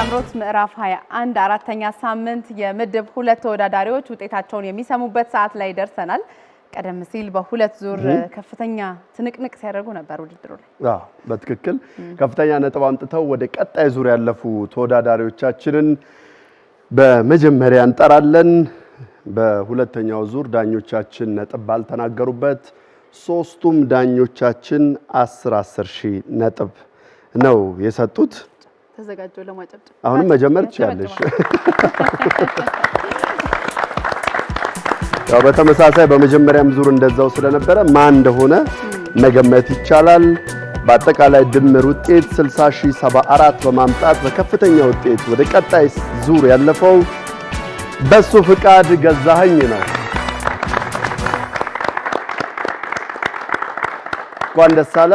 አምሮት ምዕራፍ 21 አራተኛ ሳምንት የምድብ ሁለት ተወዳዳሪዎች ውጤታቸውን የሚሰሙበት ሰዓት ላይ ደርሰናል። ቀደም ሲል በሁለት ዙር ከፍተኛ ትንቅንቅ ሲያደርጉ ነበር። ውድድሩ ላይ በትክክል ከፍተኛ ነጥብ አምጥተው ወደ ቀጣይ ዙር ያለፉ ተወዳዳሪዎቻችንን በመጀመሪያ እንጠራለን። በሁለተኛው ዙር ዳኞቻችን ነጥብ ባልተናገሩበት ሶስቱም ዳኞቻችን አስር 10 ሺህ ነጥብ ነው የሰጡት። ተዘጋጀው ለማጨብጨብ። አሁንም መጀመር ትችላለሽ። ያው በተመሳሳይ በመጀመሪያም ዙር እንደዛው ስለነበረ ማን እንደሆነ መገመት ይቻላል። በአጠቃላይ ድምር ውጤት 60074 በማምጣት በከፍተኛ ውጤት ወደ ቀጣይ ዙር ያለፈው በሱ ፍቃድ ገዛኸኝ ነው። እንኳን ደስ አለ።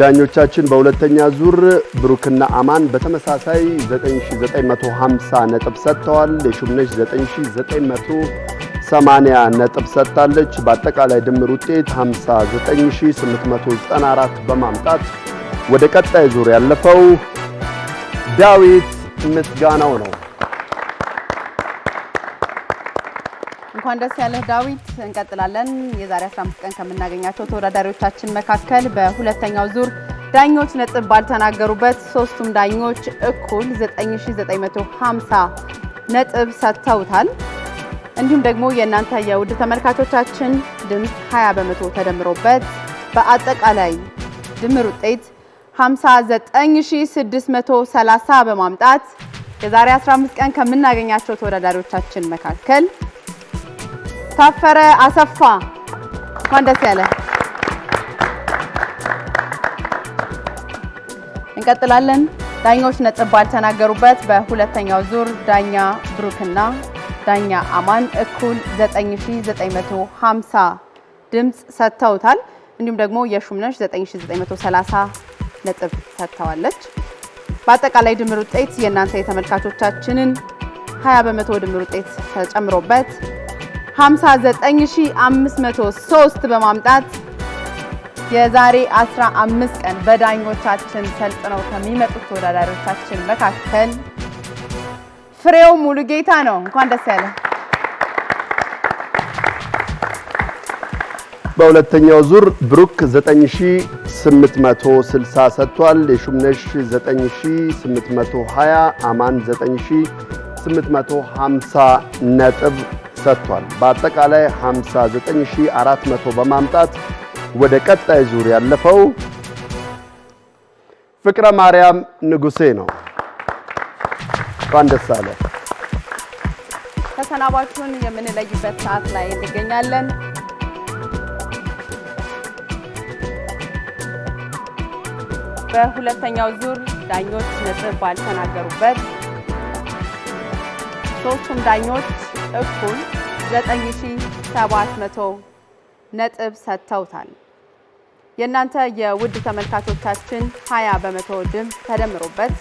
ዳኞቻችን በሁለተኛ ዙር ብሩክና አማን በተመሳሳይ 9950 ነጥብ ሰጥተዋል። የሹምነሽ 9980 ነጥብ ሰጥታለች። በአጠቃላይ ድምር ውጤት 59894 በማምጣት ወደ ቀጣይ ዙር ያለፈው ዳዊት ምስጋናው ነው። እንኳን ደስ ያለህ ዳዊት። እንቀጥላለን። የዛሬ 15 ቀን ከምናገኛቸው ተወዳዳሪዎቻችን መካከል በሁለተኛው ዙር ዳኞች ነጥብ ባልተናገሩበት ሶስቱም ዳኞች እኩል 9950 ነጥብ ሰጥተውታል። እንዲሁም ደግሞ የእናንተ የውድ ተመልካቾቻችን ድምፅ 20 በመቶ ተደምሮበት በአጠቃላይ ድምር ውጤት 59630 በማምጣት የዛሬ 15 ቀን ከምናገኛቸው ተወዳዳሪዎቻችን መካከል ታፈረ አሰፋ እንኳን ደስ ያለ። እንቀጥላለን። ዳኞች ነጥብ ባልተናገሩበት በሁለተኛው ዙር ዳኛ ብሩክና ዳኛ አማን እኩል 9950 ድምፅ ሰጥተውታል። እንዲሁም ደግሞ የሹምነሽ 9930 ነጥብ ሰጥተዋለች። በአጠቃላይ ድምር ውጤት የእናንተ የተመልካቾቻችንን 20 በመቶ ድምር ውጤት ተጨምሮበት 59503 በማምጣት የዛሬ 15 ቀን በዳኞቻችን ሰልጥነው ከሚመጡት ተወዳዳሪዎቻችን መካከል ፍሬው ሙሉ ጌታ ነው። እንኳን ደስ ያለ። በሁለተኛው ዙር ብሩክ 9860 ሰጥቷል። የሹምነሽ 9820፣ አማን 9850 ነጥብ ሰጥቷል። በአጠቃላይ 59400 በማምጣት ወደ ቀጣይ ዙር ያለፈው ፍቅረ ማርያም ንጉሴ ነው። እንኳን ደስ አለ። የምንለይበት ሰዓት ላይ እንገኛለን። በሁለተኛው ዙር ዳኞች ነጥብ ባልተናገሩበት ሶስቱም ዳኞች እኩል 9700 ነጥብ ሰጥተውታል። የእናንተ የውድ ተመልካቾቻችን 20 በመቶ ድምፅ ተደምሮበት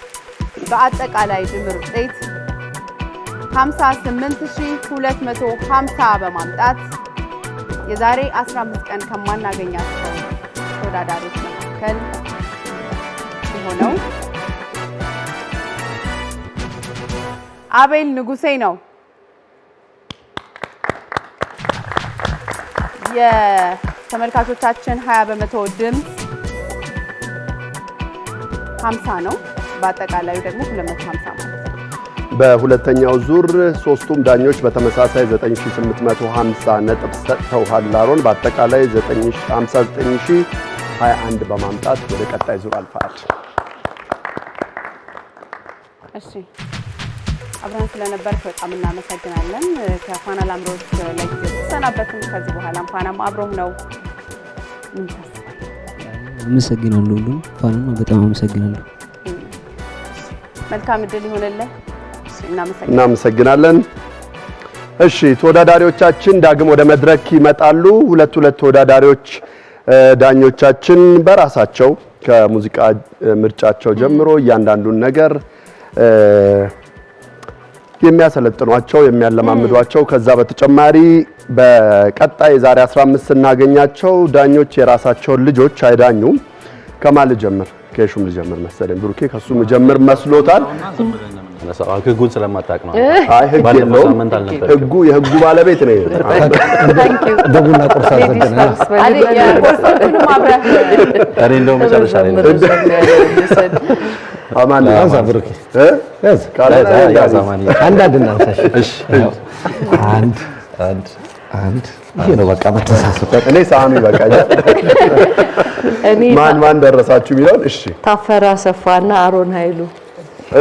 በአጠቃላይ ድምር ውጤት 58250 በማምጣት የዛሬ 15 ቀን ከማናገኛቸው ተወዳዳሪዎች መካከል የሆነው አቤል ንጉሴ ነው። የተመልካቾቻችን 20 በመቶ ድምፅ 50 ነው። በአጠቃላዩ ደግሞ 250 ማለት ነው። በሁለተኛው ዙር ሶስቱም ዳኞች በተመሳሳይ 9850 ነጥብ ሰጥተዋል። አሮን በአጠቃላይ 59021 በማምጣት ወደ ቀጣይ ዙር አልፈዋል። እሺ አብረን ስለነበርሽ በጣም እናመሰግናለን። ከፋና ላምሮት ላይ ተሰናበትን። ከዚህ በኋላም ፋናም አብሮም ነው። አመሰግናለሁ። ሁሉ ፋናማ በጣም አመሰግናለሁ። መልካም እድል ይሆንልን። እናመሰግናለን። እሺ ተወዳዳሪዎቻችን ዳግም ወደ መድረክ ይመጣሉ። ሁለት ሁለት ተወዳዳሪዎች ዳኞቻችን በራሳቸው ከሙዚቃ ምርጫቸው ጀምሮ እያንዳንዱን ነገር የሚያሰለጥኗቸው የሚያለማምዷቸው። ከዛ በተጨማሪ በቀጣይ የዛሬ 15 ስናገኛቸው ዳኞች የራሳቸውን ልጆች አይዳኙም። ከማን ልጀምር? ከሹም ልጀምር መሰለኝ። ብሩኬ ከሱ ልጀምር መስሎታል። ህጉን ስለማታውቅ ነው። አይ ህግ የለውም። ህጉ የህጉ ባለቤት ነው። ደቡና እኔ መጨረሻ ማን ማን ደረሳችሁ የሚለውን እሺ፣ ሰፋና አሮን ኃይሉ።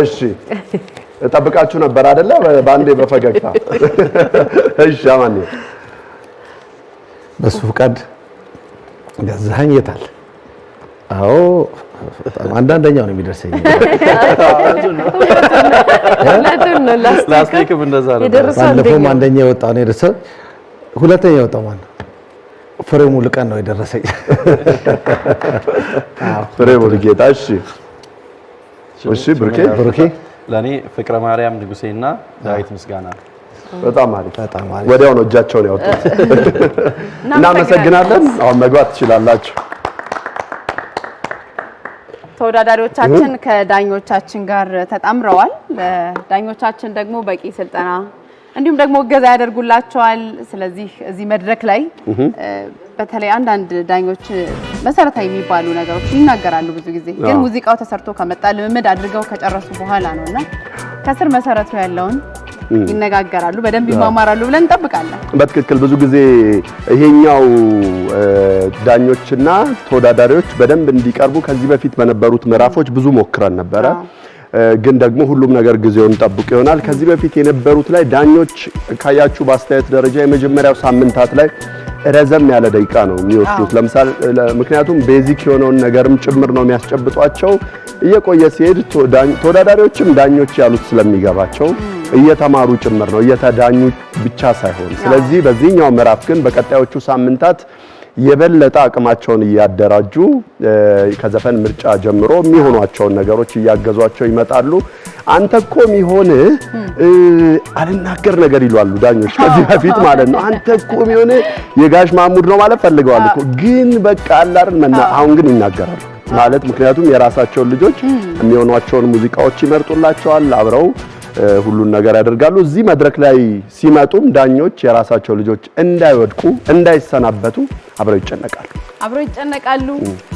እሺ እጠብቃችሁ ነበር አይደለ? በአንዴ በፈገግታ እሺ። አማን በሱ ገዛኸኝ የታል አዎ አንዳንደኛው ነው የሚደርሰኝ። ላስቲክም እንደዛ ነው። ባለፈውም አንደኛ የወጣ ነው የደረሰው። ሁለተኛ የወጣው ማነው? ፍሬሙ ልቀን ነው የደረሰኝ። ፍሬሙ ልጌታ። እሺ፣ እሺ። ብሩኬ፣ ብሩኬ ለእኔ ፍቅረ ማርያም ንጉሴ ንጉሴና ዳዊት ምስጋና በጣም አሪፍ ወዲያው ነው እጃቸውን ያወጡት። እናመሰግናለን። አሁን መግባት ትችላላችሁ። ተወዳዳሪዎቻችን ከዳኞቻችን ጋር ተጣምረዋል። ዳኞቻችን ደግሞ በቂ ስልጠና እንዲሁም ደግሞ እገዛ ያደርጉላቸዋል። ስለዚህ እዚህ መድረክ ላይ በተለይ አንዳንድ ዳኞች መሰረታዊ የሚባሉ ነገሮች ይናገራሉ። ብዙ ጊዜ ግን ሙዚቃው ተሰርቶ ከመጣ ልምምድ አድርገው ከጨረሱ በኋላ ነው እና ከስር መሰረቱ ያለውን ይነጋገራሉ፣ በደንብ ይማማራሉ ብለን እንጠብቃለን። በትክክል ብዙ ጊዜ ይሄኛው ዳኞችና ተወዳዳሪዎች በደንብ እንዲቀርቡ ከዚህ በፊት በነበሩት ምዕራፎች ብዙ ሞክረን ነበረ። ግን ደግሞ ሁሉም ነገር ጊዜውን ጠብቆ ይሆናል። ከዚህ በፊት የነበሩት ላይ ዳኞች ካያችሁ በአስተያየት ደረጃ የመጀመሪያው ሳምንታት ላይ ረዘም ያለ ደቂቃ ነው የሚወስዱት። ለምሳሌ ምክንያቱም ቤዚክ የሆነውን ነገርም ጭምር ነው የሚያስጨብጧቸው። እየቆየ ሲሄድ ተወዳዳሪዎችም ዳኞች ያሉት ስለሚገባቸው እየተማሩ ጭምር ነው እየተዳኙ ብቻ ሳይሆን። ስለዚህ በዚህኛው ምዕራፍ ግን በቀጣዮቹ ሳምንታት የበለጠ አቅማቸውን እያደራጁ ከዘፈን ምርጫ ጀምሮ የሚሆኗቸውን ነገሮች እያገዟቸው ይመጣሉ። አንተ እኮ የሚሆንህ አልናገር ነገር ይሏሉ ዳኞች ከዚህ በፊት ማለት ነው። አንተ እኮ የጋሽ ማሙድ ነው ማለት ፈልገዋል እኮ ግን በቃ አላርን መና አሁን ግን ይናገራሉ ማለት ምክንያቱም የራሳቸውን ልጆች የሚሆኗቸውን ሙዚቃዎች ይመርጡላቸዋል አብረው ሁሉን ነገር ያደርጋሉ። እዚህ መድረክ ላይ ሲመጡም ዳኞች የራሳቸው ልጆች እንዳይወድቁ፣ እንዳይሰናበቱ አብረው ይጨነቃሉ አብረው ይጨነቃሉ።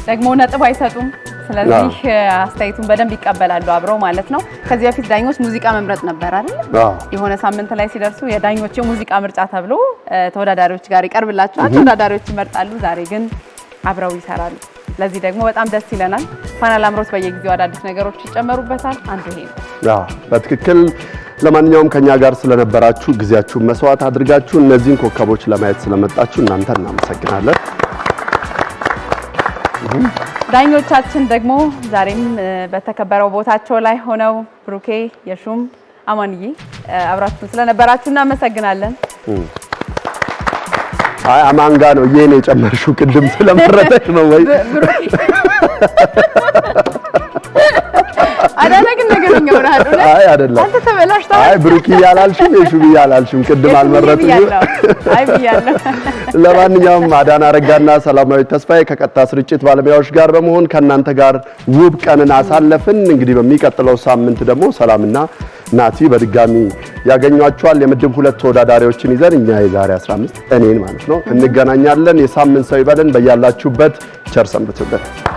ደግሞ ነጥብ አይሰጡም። ስለዚህ አስተያየቱን በደንብ ይቀበላሉ አብረው ማለት ነው። ከዚህ በፊት ዳኞች ሙዚቃ መምረጥ ነበር አይደል? የሆነ ሳምንት ላይ ሲደርሱ የዳኞች የሙዚቃ ምርጫ ተብሎ ተወዳዳሪዎች ጋር ይቀርብላቸዋል። ተወዳዳሪዎች ይመርጣሉ። ዛሬ ግን አብረው ይሰራሉ። ለዚህ ደግሞ በጣም ደስ ይለናል። ፋና ላምሮት በየጊዜው አዳዲስ ነገሮች ይጨመሩበታል። አንዱ ይሄ ነው። በትክክል ለማንኛውም ከኛ ጋር ስለነበራችሁ ጊዜያችሁን መስዋዕት አድርጋችሁ እነዚህን ኮከቦች ለማየት ስለመጣችሁ እናንተ እናመሰግናለን። ዳኞቻችን ደግሞ ዛሬም በተከበረው ቦታቸው ላይ ሆነው ብሩኬ፣ የሹም አማንዬ አብራችሁን ስለነበራችሁ እናመሰግናለን። አይ አማን ጋ ነው ይሄን የጨመርሽው ቅድም ስለመረጠች ነው ወይ? ብሩክ እያላልሽም የሹ እያላልሽም ቅድም አልመረጥም። ለማንኛውም አዳና ረጋና ሰላማዊት ተስፋዬ ከቀጥታ ስርጭት ባለሙያዎች ጋር በመሆን ከእናንተ ጋር ውብ ቀንን አሳለፍን። እንግዲህ በሚቀጥለው ሳምንት ደግሞ ሰላምና ናቲ በድጋሚ ያገኟቸዋል። የምድብ ሁለት ተወዳዳሪዎችን ይዘን እኛ የዛሬ 15 እኔን ማለት ነው እንገናኛለን። የሳምንት ሰው ይበለን። በያላችሁበት ቸር